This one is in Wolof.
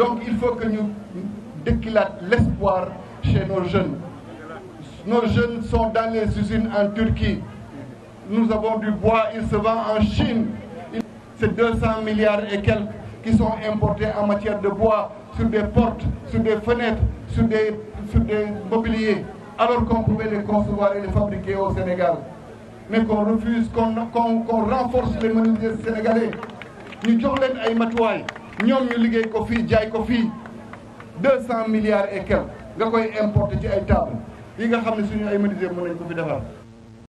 donc il faut que ñu dëkkilaat l'espoir chez nos jeunes nos jeunes sont dans les usines en Turquie nous avons du bois il se vend en Chine c'est deux cent milliards et quelques qui sont importés en matière de bois sur des portes sur des fenêtres sur des sur des mobiliers alors qu'on pouvait les concevoir et les fabriquer au Sénégal mais qu'on refuse qu'on renforce les menuisiers sénégalais ñu jox ay matuwaay ñoom ñu liggéey ko fii jaay ko fii deux cent milliards et quelques nga koy importe ci ay table yi nga xam ne suñu ay menuisier mën nañ ko fi defar